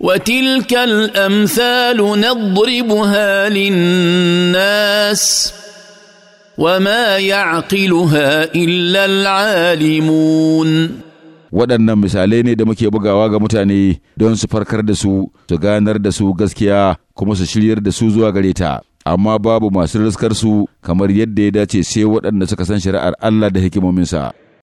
وتلك الامثال نضربها للناس وما يعقلها الا العالمون waɗannan misalai ne da muke bugawa ga mutane don su farkar da su su ganar da su gaskiya kuma su shiryar da su zuwa gare ta amma babu masu raskarsu kamar yadda ya dace sai waɗanda suka san shari'ar Allah da hikimominsa